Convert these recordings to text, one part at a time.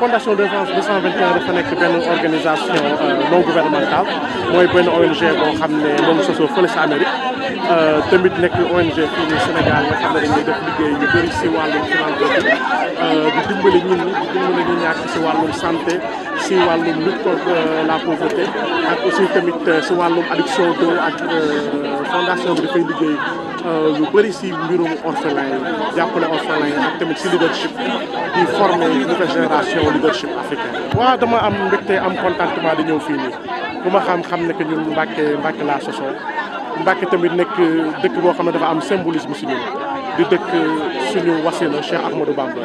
fondation Défense 221 dafa nekk benn organisation euh, non gouvernementale mooy benn ONG boo xam ne moom sosoo fële sa Amérique euh, tamit nekk ONG fii nii Sénégal nga xam ne def liggéey yu bëri si wàllum philanthropie euh, di dimbali ñun ñi di ñu ñàkk si wàllum santé si wàllum lutte contre la pauvreté ak aussi tamit si wàllum addiction d'eau ak fondation bi dafay liggéey lu euh, bëri si mbirum orphelin yi jàppale orphelin yi ak tamit si leadership di former nouvelle génération leadership africaine. dama am mbégte am contentement di ñëw fii nii bu ma xam xam ne que ñun Mbàkke Mbàkke Mbàkke tamit nekk euh, dëkk boo xam ne dafa am symbolisme si ñun di dëkk euh, suñu wasila Cheikh Ahmadou Bamba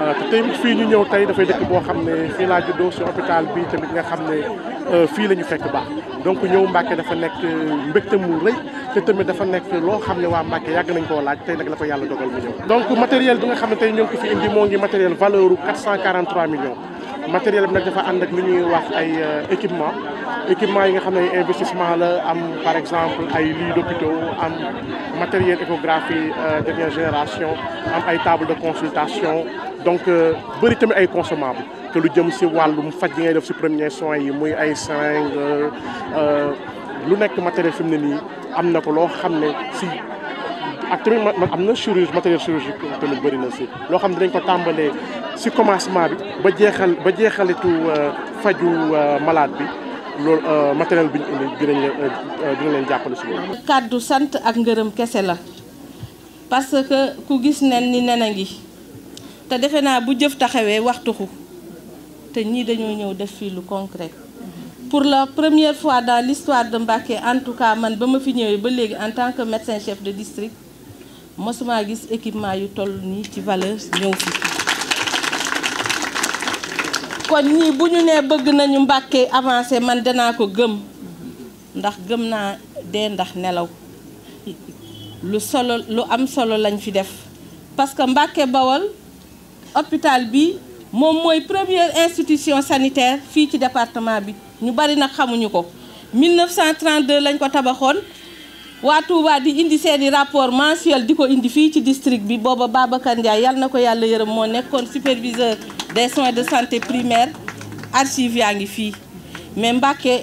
euh, te fii ñu ñëw tey dafay dëkk boo xam ne fii laa juddoo si hôpital bi tamit nga xam ne fii la ñu fekk baax donc ñëw Mbàkke dafa nekk mbégte mu rëy te tamit dafa nekk loo xam ne waa Mbàkke yàgg nañ koo laaj tey nag la ko yàlla dogal mu ñëw donc matériel bi nga xam ne tey ñoo ngi ko fi indi moo ngi matériel valeur u 443 millions matériel bi nag dafa ànd ak lu ñuy wax ay euh, équipement équipement yi nga xam ne investissement la am par exemple ay lits d'hôpitaux am matériel échographie euh, dernière génération am ay table de consultation donc euh, bëri tamit ay consommables te lu jëm si mu faj yi ngay def si premier soins yi muy ay seringue lu nekk matériel fi mu ne nii am na ko loo xam ne si ak tamit am na chirurgie matériel chirurgique tamit bëri na si loo xam ne dañ ko tàmbalee si commencement bi ba jeexal ba jeexalitu euh, faju euh, malade bi loolu euh, matériel bi ñu indi leen dina leen jàppale si loolu. kàddu sant ak ngërëm kese la parce que ku gis nen ni nen a ngi te defe naa bu jëf taxawee waxtu xu te ñii dañoo ñëw def fii lu concret. pour la première fois dans l'histoire de Mbacké en tout cas man ba ma fi ñëwee ba léegi en tant que médecin chef de district mosuma gis équipement yu toll nii ci valeur ñëw fi. kon ñii bu ñu nee bëgg nañu Mbàkke avancé man danaa ko gëm ndax gëm naa dee ndax nelaw lu solo lu am solo lañ fi def parce que Mbàkke Bawol hôpital bi moom mooy premier institution sanitaire fii ci département bi ñu bari nag xamuñu ko 1932 lañ ko tabaxoon waa Touba di indi seeni rapport mensuel di ko indi fii ci district bi booba Babacar Ndiaye yàlla na ko yàlla yërëm moo nekkoon superviseur des soins de santé primaire archive yaa ngi fii mais Mbacké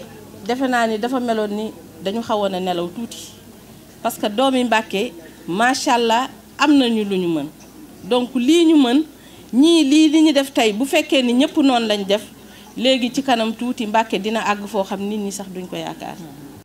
defe naa ni dafa meloon ni dañu xawoon a nelaw tuuti parce que doomi Mbacké macha allah am nañu lu ñu mën donc lii ñu mën ñii lii li ñu def tey bu fekkee ni ñëpp noonu lañ def léegi ci kanam tuuti Mbacké dina àgg foo xam nit ñi sax duñ ko yaakaar